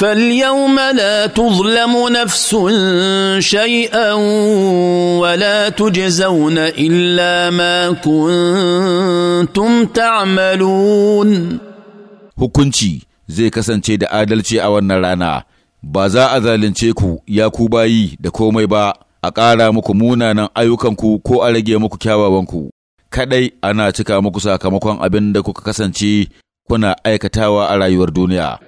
فاليوم لا تظلم نفس شيئا ولا تجزون الا ما كنتم تعملون hukunci zai kasance da adalci a wannan rana ba za a zalunce ku ya ku bayi da komai ba a ƙara muku munanan ayyukanku ko a rage muku kyawawanku kaɗai ana cika muku sakamakon abin da kuka kasance kuna aikatawa a rayuwar duniya